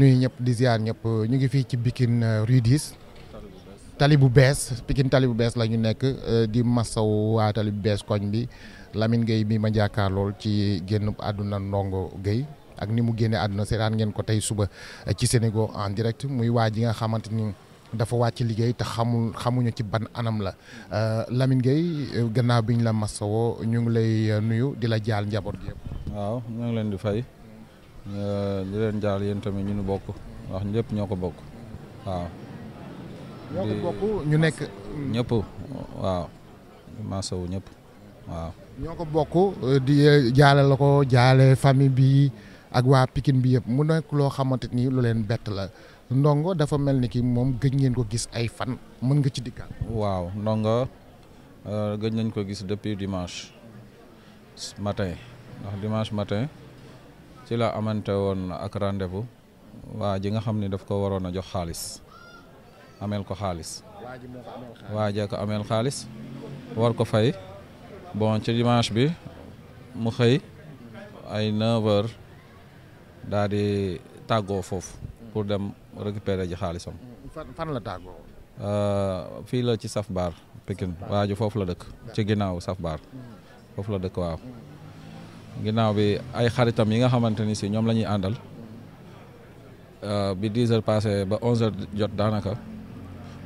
nuyu ñëpp di ziar ñëpp ñu ngi fii ci Pikine euh, rue 10 tali bu bees Pikine tali bu bees la ñu nekk euh, di masaw waa tali bu bees koñ bi Lamine Gueye mi ma jaakaar lool ci génn àdduna Ndongo géey ak ni mu génne àdduna seetaan ngeen ko tey suba euh, ci Sénégal en direct muy waa ji nga xamante ni dafa wàcc liggéey te xamul xamuñu ci ban anam la Lamine Gueye gannaaw bi ñu la masawoo ñu ngi lay nuyu di la jaal njaboot gi yëpp. waaw ñu ngi leen di fay. li euh, leen jaal yéen tamit ñu nu bokk wax ñëpp ñoo ko bokk waaw. ñoo ko bokk ñu nekk. ñépp waaw masawu ñëpp waaw. ñoo ko bokk euh, di euh, jaale la ko jaale famille bi ak waa Pikine bi yëpp mu nekk loo xamante nii lu leen bett la ndongo dafa mel ni ki moom gëj ngeen ko gis ay fan mën nga ci dikkaat. waaw ndongo gëj nañ ko gis depuis dimanche matin ndax dimanche matin. ci la amante woon ak rendez-vous waa ji nga xam ne daf ko waroon a jox xaalis ameel ko xaalis waa ji ko ameel xaalis war ko fay bon ci dimanche bi mu xëy ay 9 heures daal di tàggoo foofu pour dem récupérer ji xaalisam. fan la tàggoo. Euh, fii la ci Saf Baar Pikine waa ji foofu la dëkk. ci ginnaaw Saf Baar foofu la dëkk waaw. ginnaaw bi ay xaritam yi nga xamante ni si ñoom la ñuy àndal euh, bi 10 heures passé ba 11 heures jot daanaka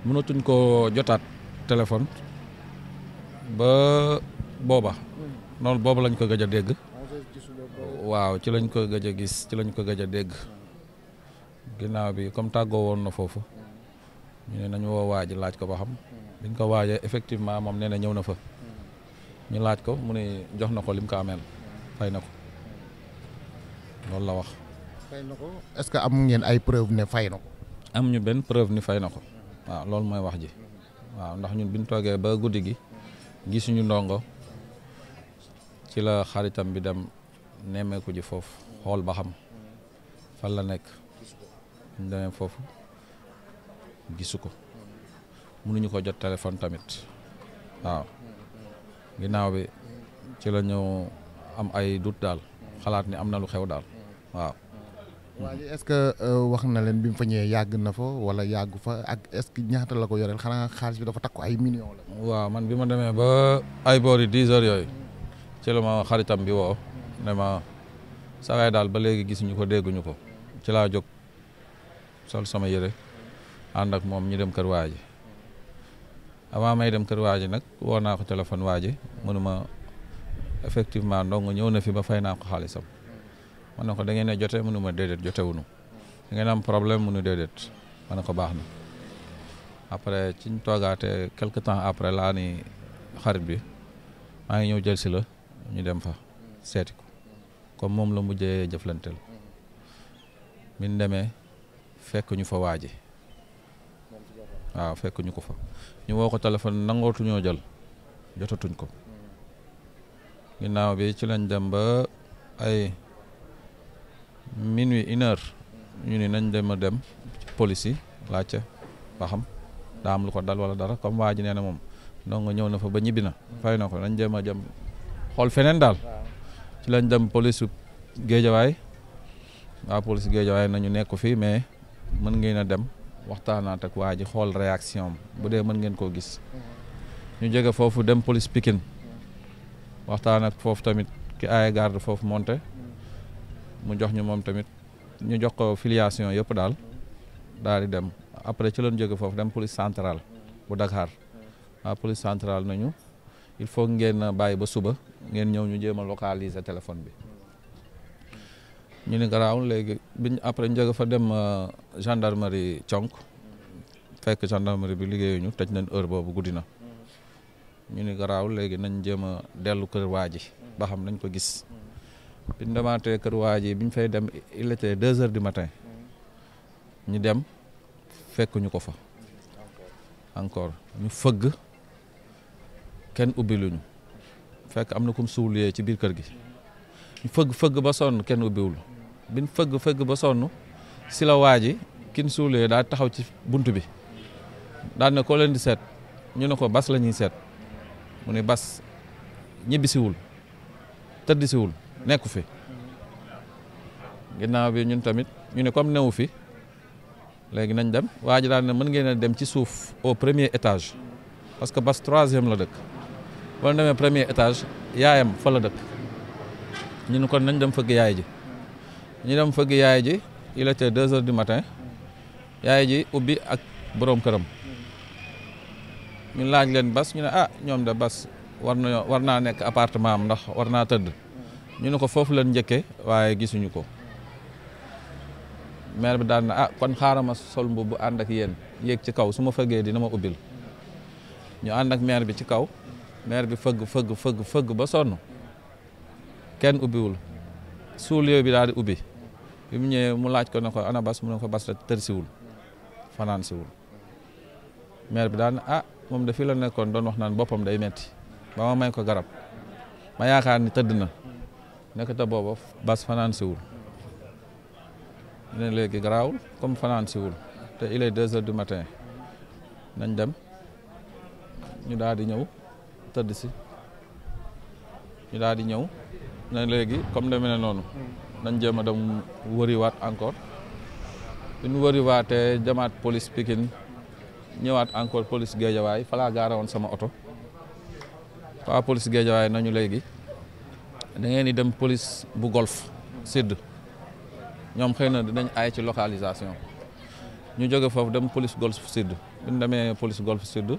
mënatuñ koo jotaat téléphone ba booba noonu booba lañ ko gëj a dégg waaw ci lañ ko gëj a gis ci lañ ko gëj a dégg ginnaaw bi comme tàggoo woon na foofu ñu ne nañu woo waaj laaj ko ba xam biñ ko waajee effectivement moom nee na ñëw na fa ñu laaj ko mu ne jox na ko lim ko ameel fay na ko loolu la wax. fay na est-ce que am ngeen ay preuve ne fay na ko. am ñu benn preuve ni fay na ko waaw loolu mooy wax ji waaw ndax ñun bi toogee ba guddi gi gisuñu ndongo ci la xaritam bi dem nemmeeku ji foofu xool ba xam fan la nekk ñu demee foofu gisu ko mënuñu ko jot téléphone tamit waaw ginnaaw bi ci la ñëw. am ay doute daal xalaat ni am na lu xew daal waaw. Wally ce que euh, wax na leen bi mu fa ñëwee yàgg na fa wala yàgg fa ak est-ce que ñaata la ko yoreel xanaa xaalis bi dafa takku ay millions la. waaw man bi ma demee ba ay boor yi dix heures yooyu ci la bi woo ne saa daal ba léegi gisuñu ko dégguñu ko ci laa jóg sol sama yére ànd ak moom ñu dem kër waa ji may dem kër waa nag woo naa ko téléphone waa mënuma effectivement ndong ñëw na fi ba fay naa ko xaalisam ma ne ko da ngeen ne jote mënu ma déedéet jotewunu da ngeen am problème mënu déedéet ma ne ko baax na après ci ñu toogaatee quelque temps après laa ni xarit bi maa ngi ñëw jël si la ñu dem fa seeti ko comme moom la mujjee jëflanteel min demee fekk ñu fa waaje waaw fekk ñu ko fa ñu woo ko téléphone nangootuñoo jël jotatuñ ko ginnaaw bi ci lañ dem ba ay minuit une ñu ni nañ dem a dem police yi laajte ba xam daa lu ko dal wala dara comme waa ji nee na moom donc ñëw na fa ba ñibbi na fay na ko nañ jéem a jëm xool feneen daal ci lañ dem police géejawaay waa police géejawaay nañu nekk fii mais mën ngeen a dem waxtaanaat ak waa ji xool réaction bu dee mën ngeen koo gis mm-hmm. ñu jóge foofu dem police pikin waxtaan ak foofu tamit ki aaye garde foofu monte mu jox ñu moom tamit ñu jox ko filiation yëpp daal daal di dem après ci lañ jóge foofu dem police centrale bu Dakar waa police centrale nañu il faut ngeen bàyyi ba suba ngeen ñëw ñu jéem a téléphone bi ñu ni garaawul léegi biñ après ñu jóge fa dem euh, gendarmerie conk fekk gendarmerie bi liggéeyuñu tëj nañ heure boobu guddi na ñu ni garaaw léegi nañ jéem a dellu kër waa ji ba xam nañ ko gis biñ demaatee kër waa ji biñ fay dem il était deux heures du matin ñu dem fekk ñu ko fa encore ñu fëgg kenn ubbi luñu fekk am na kum suulyee ci biir kër gi fëgg fëgg ba sonn kenn ubbiwul biñ fëgg fëgg ba sonn si la waa ji kin suulyee daa taxaw ci bunt bi daan ne koo leen di seet ñu ne ko bas la ñuy seet mu ne bas ñibbisiwul tëddisiwul nekku fi ginnaaw bi ñun tamit ñu ne comme newu fi léegi nañ dem waa ji daal ne mën ngeen a dem ci suuf au premier étage parce que bas troisième la dëkk wala demee premier étage yaayam fa la dëkk ñu ne kon nañ dem fëgg yaay ji ñu dem fëgg yaay ji il était deux heures du matin yaay ji ubbi ak boroom këram ñu laaj leen bas ñu ne a ah, ñoom de bas war na war naa nekk appartement am ndax war naa tëdd ñu ne ko foofu leen njëkkee waaye gisuñu ko maire bi daal na ah kon xaaral ma sol mbubb bu ànd ak yéen yéeg ci kaw su ma fëggee dina ma ubbil ñu ànd ak maire bi ci kaw maire bi fëgg fëgg fëgg fëgg ba sonn kenn ubbiwul suul bi daal di ubbi bi mu ñëwee mu laaj ko ne ko ana bas mu ne ko bas rek tërsiwul fanaan siwul maire bi daal na ah, moom de fii la nekkoon doon wax naan boppam day metti ba ma may ko garab ma yaakaar ni tëdd na nekk te booba bas fanaan siwul ne léegi garaawul comme fanaan siwul te il est deux heures du matin nañ dem ñu daal di ñëw tëdd si ñu daal di ñëw ne léegi comme deme ne noonu nañ jéem a dem wëriwaat encore bi ñu wëriwaatee jamaat police Pikine ñëwaat encore police géejawaay falaa gaara woon sama oto waa police géejawaay nañu léegi da ngeen di dem police bu golf sud ñoom xëy na dinañ ay ci localisation ñu jóge foofu dem police golf sud bi ñu demee police golf sud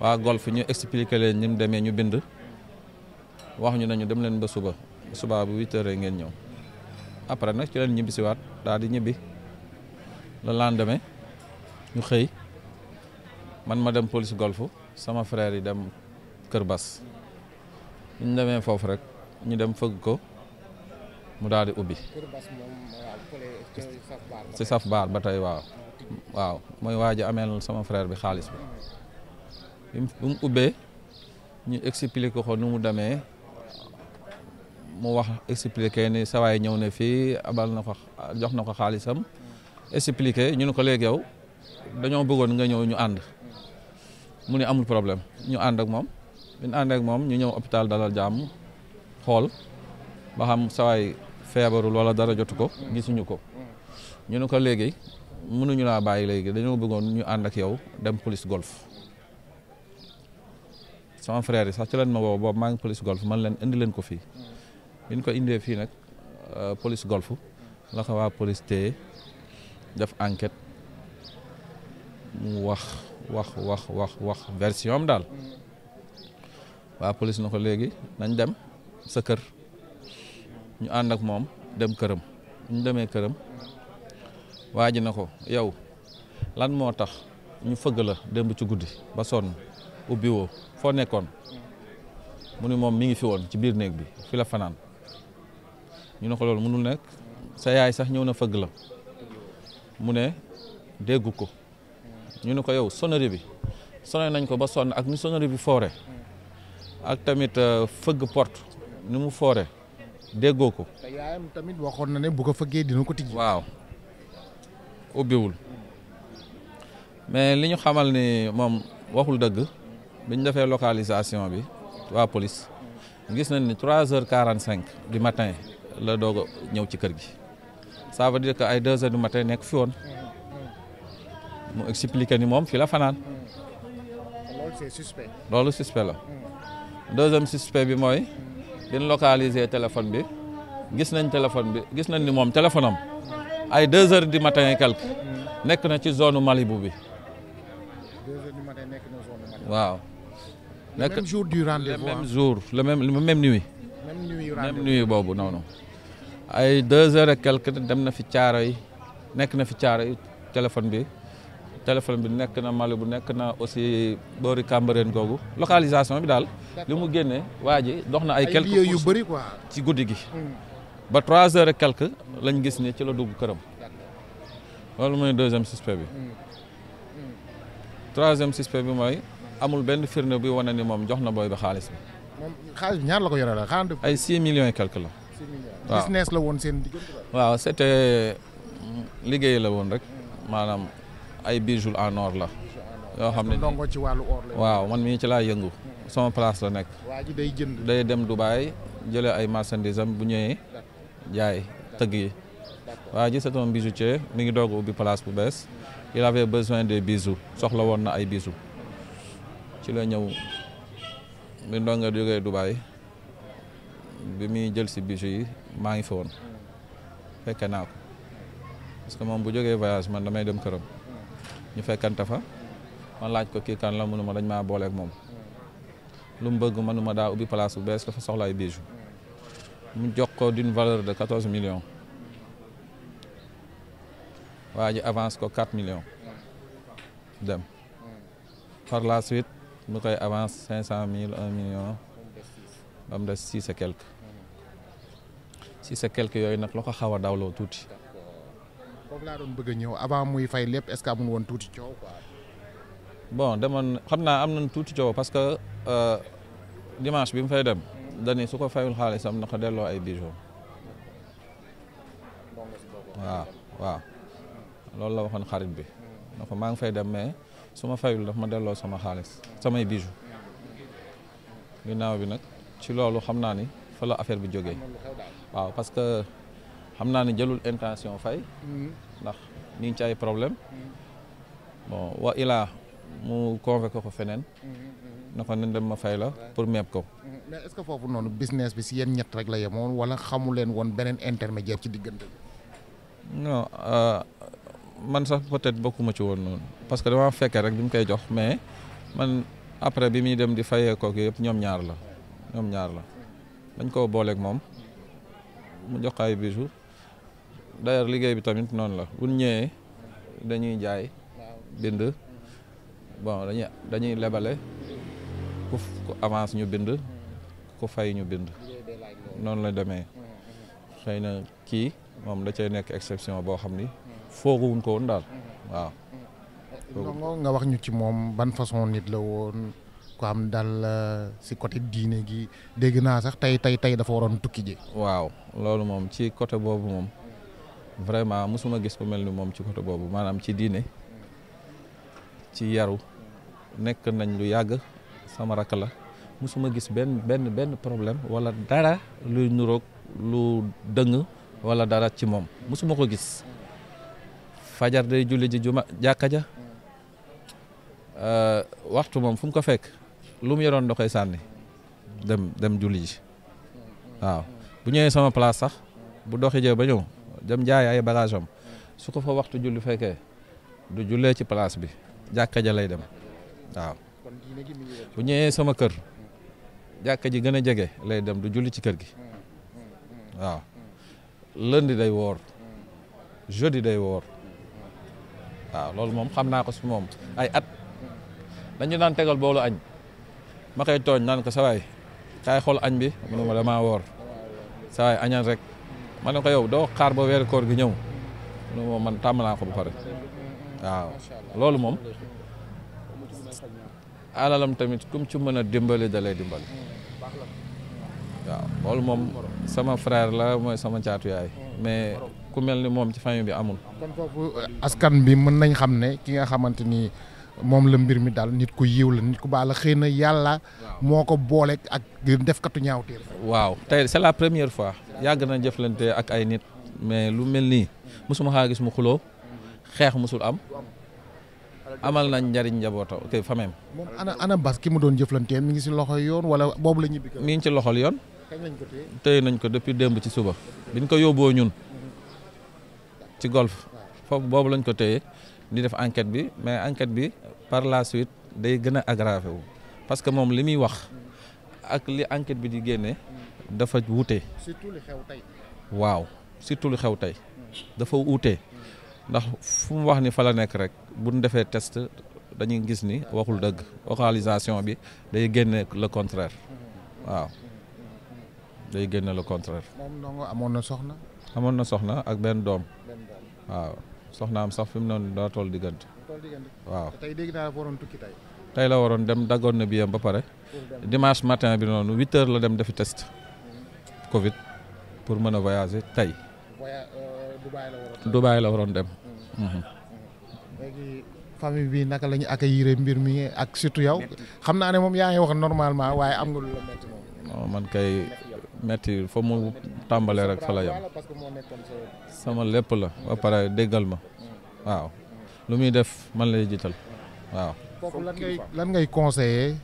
waa golf ñu expliqué leen ni demee ñu bind wax ñu nañu dem leen ba suba subaa bu huit ngeen ñëw après nag ci leen ñibbisiwaat daal di ñibbi le lendemain ñu xëy man ma dem police golf sama frère yi dem Kër Bas ñu demee foofu rek ñu dem fëgg ko mu daal di ubbi. Kër saf baar ba tay waaw. waaw mooy waaj a ameel sama frère bi xaalis bi bi mu ubbee ñu expliqué ko nu mu demee mu wax expliqué ni sawaay ñëw ne fii abal na ko jox na ko xaalisam expliqué ñu ne ko léegi yow dañoo bëggoon nga ñëw ñu ànd. mu ne amul problème ñu ànd ak moom bi ñu ànd ak moom ñu ñëw hopital dala jàmm xool ba xam sawaay feebarul wala dara jotu ko gisuñu ko ñu ne ko léegi mënuñu laa bàyyi léegi dañoo bëggoon ñu ànd ak yow dem police golf sama frère yi sax ci leen ma woo boobu maa ngi police golf man leen indi leen ko fii bi ñu ko indee fii nag euh, police golf la ko waa police téye def enquete mu wax wax wax wax wax version am daal waa police na ko léegi nañ dem sa kër ñu ànd ak moom dem këram ñu demee këram waa ji na ko yow lan moo tax ñu fëgg la démb ci guddi ba sonn ubbi woo foo nekkoon mu ni moom mi ngi fi woon ci biir néeg bi fi la fanaan ñu ne ko loolu mënul nekk sa yaay sax ñëw na fëgg la mu ne déggu ko ñu ne ko yow sonnerie bi sonné nañ ko ba sonn ak ni sonnerie bi foore ak tamit euh, fëgg port ni mu foore déggoo ko. yaayam tamit waxoon na ne bu ko fëggee dina ko tijji. waaw ubbiwul mais li ñu xamal ni moom waxul dëgg bi ñu defee localisation bi waa police gis nañ ni trois heures quarante cinq du matin la doog ñëw ci kër gi ça veut dire que ay deux heures du matin nekk fi woon. mu expliqué ni moom fii la fanaan. loolu c'est suspect. loolu suspect la. Hmm. deuxième suspect bi mooy. din localiser téléphone bi. gis nañ téléphone bi gis nañ ni moom téléphone am ay deux heures du matin et quelque hmm. nekk na ci zone Malibu bi. deux nekk na zone Malibu. waaw. le même jour du rendez-vous le même jour le boobu noonu ay deux heures et dem na fi caaro yi nekk na fi caaro yi téléphone bi. téléphone bi nekk na Mali bu nekk na aussi boori Cambérène googu localisation bi daal. li mu génnee waa ji dox na ay. quelques yu bëri quoi ci guddi gi. Hmm. ba trois heures et lañ gis ni ci la dugg këram. loolu mooy deuxième suspect bi. Hmm. Hmm. troisième suspect bi mooy amul benn firnde bi wane ni moom jox na booy bi xaalis bi. la ko yore la ay six millions et quelque la. waaw business la woon seen diggante. liggéey la woon rek maanaam. ay bijoux en or la. yoo xam ne ndongo ci wàllu or la. waaw man mii ci laa yëngu. sama place la nekk. waa ji day jënd. day dem Dubaay jële ay marchandises bu ñëwee. jaay tëgg yi. waa ji c'est un bijoutier mi ngi doog ubbi place bu bees. il avait besoin de bijoux soxla woon na ay bisu ci la ñëw bi ndongo jógee Dubaay bi muy jël si bijoux yi maa ngi fa woon. Hmm. fekke naa ko parce moom bu jógee voyage man damay dem këram. ñu fekkante fa ma laaj ko kii kan la mënuma dañ maa booleek moom lu mu bëgg mënuma daal ubbi place bu bees dafa soxla ay bijoux mu jox ko d'une valeur de quatorze millions waa ji avance ko quatre million dem par la suite mu koy avance cinq cent mille un million ba mu des six et quelque six et quelque yooyu nag la ko xaw a dawloo tuuti foofu laa doon bëgg a ñëw avant muy fay lépp est-ce que amul woon tuuti coow bon demoon xam naa am nañ tuuti coow parce que euh, dimanche bi mu fay dem dani su ko fayul xaalisam na ko delloo ay bijoux waaw waaw loolu la waxoon xarit bi na maa ngi fay dem mais su ma fayul daf ma delloo sama xaalis samay bijoux ginnaaw bi nag ci loolu xam naa ni fa la affaire bi jógee waaw parce xam naa ne jëlul intention fay mm-hmm. ndax ñu ngi ci ay problème mm-hmm. bon wa ilaa mu convoqué ko feneen mm-hmm. na ko nen dem ma fay la pour meeb ko mais ce que foofu noonu business bi si yéen ñett rek la yemoon wala xamu leen woon beneen intermédiaire ci diggante bi non euh, man sax peut-être bokkuma ci woon noonu parce que dama fekkee rek bi mu koy jox mais man après bi muy dem di fayee kook yëpp ñoom ñaar la ñoom ñaar la dañ koo booleek moom mu jox ay d'ailleurs liggéey bi tamit noonu la bu ñëwee dañuy jaay bind bon dañuy dañuy lebale ku avance ñu bind ku fay ñu bind noonu la demee xëy na kii moom da cee nekk exception boo xam ni fooguwuñ ko woon daal waaw ndongo nga wax ñu ci moom ban façon nit la woon ko am dal euh, si côté diine gi dégg naa sax tey tey tey dafa waroon tukki ji waaw loolu moom ci côté boobu moom vraiment mosuma gis ku mel ni moom ci côté boobu maanaam ci diine ci yaru nekk nañ lu yàgg sama rakk la mosuma gis benn benn benn problème wala dara luy nuroog lu dëng wala dara ci moom mosuma ko gis fajar day julli ji juma jàkka ja euh, waxtu moom fu mu ko fekk lu mu yoroon da sànni dem dem julli ji waaw bu ñëwee sama place sax bu doxi jee ba ñëw dem njaay ay bagage su ko fa waxtu julli fekkee du jullee ci place bi jàkka ja lay dem waaw bu ñëwee sama kër jàkka ji gën a jege lay dem du julli ci kër gi waaw lundi day woor jeudi day woor waaw loolu moom xam naa ko moom ay at dañu daan tegal boolu añ ma koy tooñ naan ko sawaay kaay xool añ bi mu ne woor sawaay añal rek ma ne ko yow doo xaar ba weeru koor gi ñëw moom man tàmm naa ko ba pare waaw loolu moom alalam tamit kum ci mën a dimbali da lay dimbali waaw loolu moom sama frère la mooy sama caatu yaay mais ku mel ni moom ci famille bi amul. Eh, askan bi mën nañ xam ne ki nga xamante ni moom la mbir mi daal nit ku yiw la nit ku baax la xëy na yàlla. moo ko boole ak defkatu ñaawteel. waaw tey c'est la première fois. yàgg na jëflante ak ay nit mais lu mel nii mësuma xaa gis mu xuloo xeex mosul am amal nañ njariñ njaboota ok famem moom ana ana bas ki mu doon jëflantee mi ngi si loxo yoon wala boobu la ñibbi mi ngi ci loxol yoon tey nañ ko depuis démb ci suba biñ ko yóbboo ñun ci golf foofu boobu lañ ko téye di def enquête bi mais enquête bi par la suite day gën a aggravé wu parce que moom li muy wax ak li enquête bi di génnee dafa wuute. surtout li xew waaw surtout lu xew tey. dafa wuute. ndax fu mu wax ni fa la nekk rek bu ñu defee test dañuy gis ni waxul dëgg localisation bi day génne le contraire waaw day génne le contraire. moom amoon na soxna. amoon na soxna ak benn doom. waaw am sax fi mu noonu daa toll diggante. waaw tey dégg naa waroon la waroon dem daggoon na biyam ba pare. dimanche matin bi noonu huit heures la dem dafi test. Covid pour mën a voyager tey. voya euh, Dubaï la waroon dem Dubaï la mm. Mhm. Mm. famille bi naka la ñu accueillir mbir mi ak surtout yow xam naa ne moom yaa ngi wax normalement waaye am nga lu la métti moom. man kay métti fa mu tàmbalee rek fa la yem sama lépp la ba pare déggal ma mm. waaw lu muy def man lay jiital waaw. lan ngay conseiller.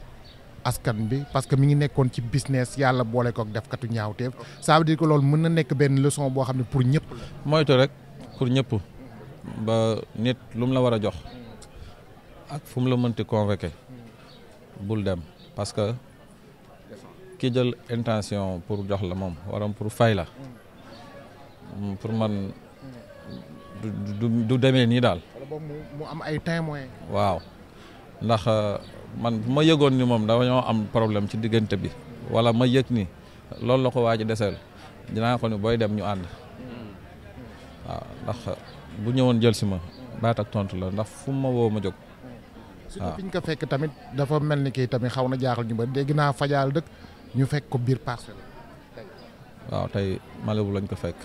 askan bi parce que mi ngi nekkoon ci business yàlla boole kook defkatu ñaawteef ça veut dire que loolu mën na nekk benn leçon boo xam ne pour ñëpp la. moytu rek pour ñëpp ba nit lu mu la war a jox ak fu mu la mënti convoqué bul dem parce que ki jël intention pour jox la moom waram pour fay la mm, pour man du demee nii daal. ay témoins. waaw ndax. Euh, man bu ma yëgoon ni moom dañoo am problème ci diggante bi wala ma yëg ni loolu la ko waa ji deseel dinaa ko ni booy dem ñu ànd waaw ndax bu ñëwoon jël si ma baatak tontu la ndax fu ma woo ma jóg. waaw fi ko fekk tamit dafa mel ni kii tamit xaw na jaaxal ñu ba dégg naa fajaal dëkk ñu fekk ko biir parcelle. waaw tey Malibu lañ ko fekk.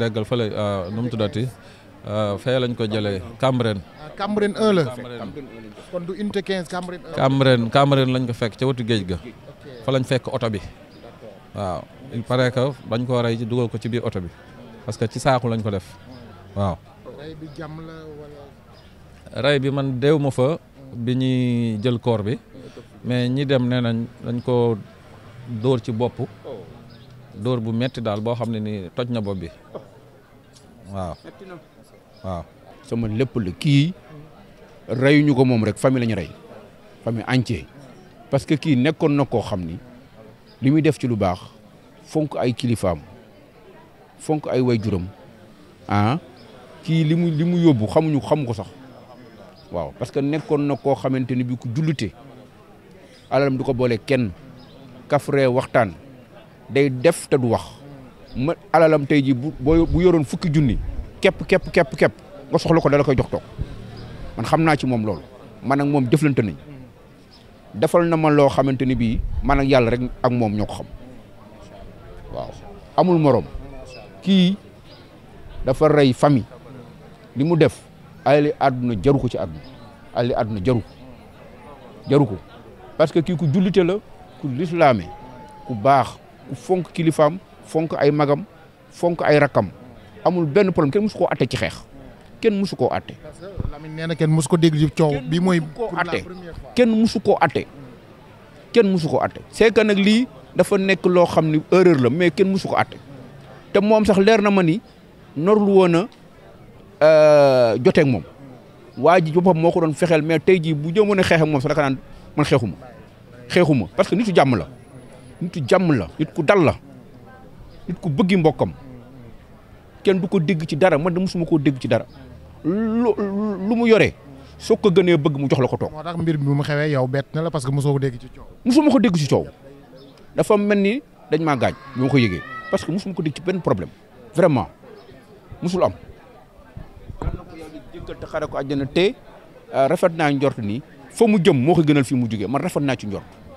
déggal fële euh, nu mu tuddati. waaw euh, fee lañ ko jële ah, Cambérène. Cambérène 1 la kon du lañ ko fekk ca wetu géej ga. fa lañ fekk oto bi. waaw il paraît que bañ koo rey dugal ko ci biir oto bi parce que ci saaku lañ ko def waaw. rey bi man deew fa. bi ñuy jël koor bi. mais ñi dem nee nañ dañ koo dóor ci bopp. dóor bu metti daal boo xam ne ni toj na bopp bi waaw. waaw sama lépp la kii reyuñu ko moom rek famille la ñu rey famille entière parce que kii nekkoon na koo xam ni li muy def ci lu baax fonk ay kilifaam fonk ay waajuram ah kii li mu li mu yóbbu xamuñu xamu ko sax waaw parce que nekkoon na koo xamante ni bi ku jullite alalam du ko boole kenn kafure waxtaan day def te du wax ma alalam tey ji bu bu yoroon fukki junni képp képp képp képp nga soxla ko dala koy jox toog man xam naa ci moom loolu man moom jëflante nañ defal na ma loo xamante ni bii man ak yàlla rek ak moom ñoo ko xam waaw amul morom kii dafa rey famille li mu def ali àdduna jaru ko ci àdduna ali àdduna jaru ko jaru ko parce que kii ku jullite la ku lislaame ku baax ku fonk kilifaam fonk ay magam fonk ay rakkam amul benn problème kenn musu koo atte ci xeex kenn musu koo atte. Lamine nee kenn musu ko dégg ci bi mooy. pour la première kenn musu koo atte kenn musu koo atte c'est nag lii dafa nekk loo xam ni erreur la mais kenn musu ko atte te moom sax leer na ma ni norul woon a euh, joteeg moom waa ji boppam moo ko doon fexeel mais tey jii bu jëmoon a xeex ak moom sax daka naan man xeexuma xeexuma parce que nitu jàmm la nitu jàmm la nit ku dal la nit ku bëggi mbokkam kenn du ko dégg ci dara man de mosuma koo dégg ci dara lu mu yoree soo ko gënee bëgg mu jox la ko toog. moo mbir mi bu mu xewee yow bett na la parce que mosoo ko dégg ci coow. mosuma ko dégg ci coow dafa mel ni dañ maa gaañ bi ma ko yëgee parce que mosuma ko dégg ci benn problème vraiment mosul am. te xare ko àjjana te euh, rafet naa njort ni fa mu jëm moo ko gënal fi mu jugee man rafet naa ci njort.